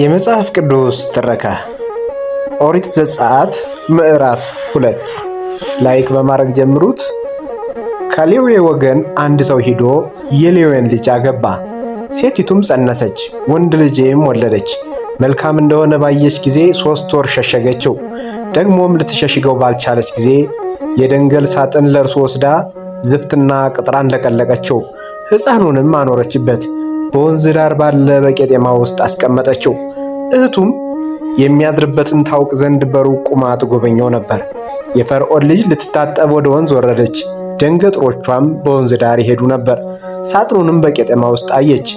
የመጽሐፍ ቅዱስ ትረካ ኦሪት ዘጸአት ምዕራፍ ሁለት ላይክ በማድረግ ጀምሩት። ከሌዌ ወገን አንድ ሰው ሂዶ የሌዌን ልጅ አገባ። ሴቲቱም ጸነሰች፣ ወንድ ልጅም ወለደች። መልካም እንደሆነ ባየች ጊዜ ሦስት ወር ሸሸገችው። ደግሞም ልትሸሽገው ባልቻለች ጊዜ የደንገል ሳጥን ለእርሱ ወስዳ ዝፍትና ቅጥራን ለቀለቀችው፣ ሕፃኑንም አኖረችበት። በወንዝ ዳር ባለ በቄጤማ ውስጥ አስቀመጠችው። እህቱም የሚያድርበትን ታውቅ ዘንድ በሩቅ ቁማ ትጎበኘው ነበር። የፈርዖን ልጅ ልትታጠብ ወደ ወንዝ ወረደች። ደንገጥሮቿም በወንዝ ዳር ይሄዱ ነበር። ሳጥኑንም በቄጤማ ውስጥ አየች።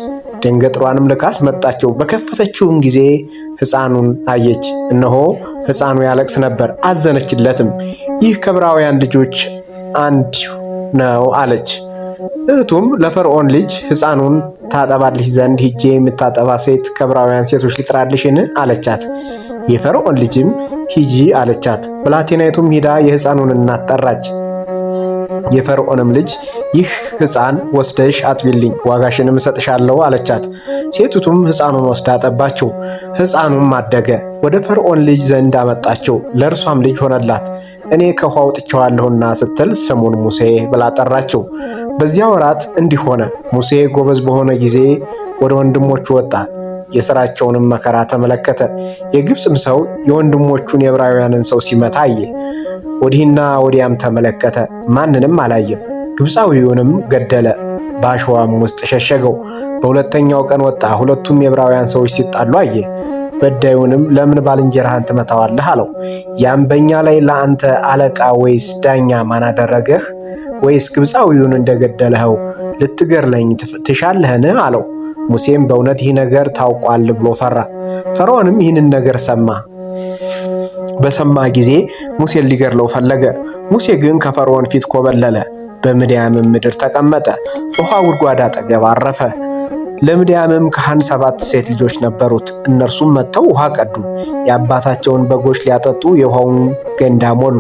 ደንገጥሯንም ልካ መጣቸው በከፈተችውም ጊዜ ሕፃኑን አየች። እነሆ ሕፃኑ ያለቅስ ነበር። አዘነችለትም። ይህ ከብራውያን ልጆች አንድ ነው አለች። እህቱም ለፈርዖን ልጅ ሕፃኑን ታጠባልሽ ዘንድ ሂጄ የምታጠባ ሴት ከብራውያን ሴቶች ልጥራልሽን አለቻት። የፈርዖን ልጅም ሂጂ አለቻት። ብላቴናይቱም ሂዳ የሕፃኑን እናት ጠራች። የፈርዖንም ልጅ ይህ ሕፃን ወስደሽ አጥቢልኝ፣ ዋጋሽንም እሰጥሻለሁ አለቻት። ሴቲቱም ሕፃኑን ወስዳ አጠባችው። ሕፃኑም አደገ፣ ወደ ፈርዖን ልጅ ዘንድ አመጣችው፣ ለእርሷም ልጅ ሆነላት። እኔ ከውኃ አውጥቼዋለሁና ስትል ስሙን ሙሴ ብላ ጠራችው። በዚያ ወራት እንዲህ ሆነ፣ ሙሴ ጎበዝ በሆነ ጊዜ ወደ ወንድሞቹ ወጣ የሥራቸውንም መከራ ተመለከተ። የግብፅም ሰው የወንድሞቹን የዕብራውያንን ሰው ሲመታ አየ። ወዲህና ወዲያም ተመለከተ፣ ማንንም አላየም። ግብፃዊውንም ገደለ፣ በአሸዋም ውስጥ ሸሸገው። በሁለተኛው ቀን ወጣ፣ ሁለቱም የዕብራውያን ሰዎች ሲጣሉ አየ። በዳዩንም ለምን ባልንጀራህን ትመታዋለህ አለው። ያም በእኛ ላይ ለአንተ አለቃ ወይስ ዳኛ ማን አደረገህ? ወይስ ግብፃዊውን እንደገደለኸው ልትገርለኝ ትሻለህን? አለው። ሙሴም በእውነት ይህ ነገር ታውቋል ብሎ ፈራ። ፈርዖንም ይህንን ነገር ሰማ፣ በሰማ ጊዜ ሙሴን ሊገድለው ፈለገ። ሙሴ ግን ከፈርዖን ፊት ኮበለለ፣ በምድያምም ምድር ተቀመጠ። በውሃ ጉድጓድ አጠገብ አረፈ። ለምድያምም ካህን ሰባት ሴት ልጆች ነበሩት። እነርሱም መጥተው ውሃ ቀዱ፣ የአባታቸውን በጎች ሊያጠጡ የውሃውን ገንዳ ሞሉ።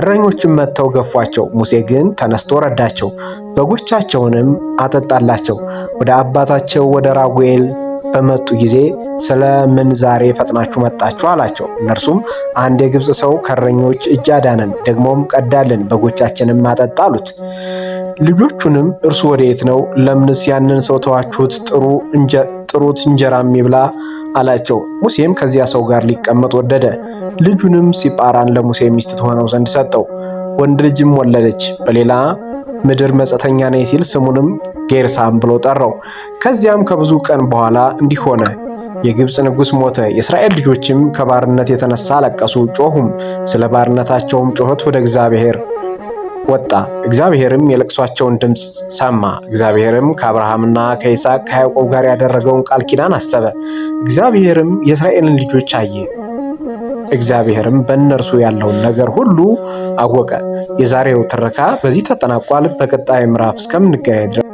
እረኞችም መጥተው ገፏቸው። ሙሴ ግን ተነስቶ ረዳቸው፣ በጎቻቸውንም አጠጣላቸው። ወደ አባታቸው ወደ ራጉኤል በመጡ ጊዜ ስለምን ዛሬ ፈጥናችሁ መጣችሁ አላቸው። እነርሱም አንድ የግብፅ ሰው ከረኞች እጅ አዳነን፣ ደግሞም ቀዳልን፣ በጎቻችንም አጠጣ አሉት። ልጆቹንም እርሱ ወደየት ነው? ለምንስ ያንን ሰው ተዋችሁት? ጥሩት እንጀራም ይብላ አላቸው። ሙሴም ከዚያ ሰው ጋር ሊቀመጥ ወደደ። ልጁንም ሲጳራን ለሙሴ ሚስት ትሆነው ዘንድ ሰጠው። ወንድ ልጅም ወለደች። በሌላ ምድር መጻተኛ ነኝ ሲል ስሙንም ጌርሳም ብሎ ጠራው። ከዚያም ከብዙ ቀን በኋላ እንዲህ ሆነ። የግብፅ ንጉሥ ሞተ። የእስራኤል ልጆችም ከባርነት የተነሳ አለቀሱ፣ ጮሁም። ስለ ባርነታቸውም ጮኸት ወደ እግዚአብሔር ወጣ። እግዚአብሔርም የለቅሷቸውን ድምፅ ሰማ። እግዚአብሔርም ከአብርሃምና ከይስሐቅ ከያዕቆብ ጋር ያደረገውን ቃል ኪዳን አሰበ። እግዚአብሔርም የእስራኤልን ልጆች አየ። እግዚአብሔርም በእነርሱ ያለውን ነገር ሁሉ አወቀ። የዛሬው ትረካ በዚህ ተጠናቋል። በቀጣይ ምዕራፍ እስከምንገናኝ ድረስ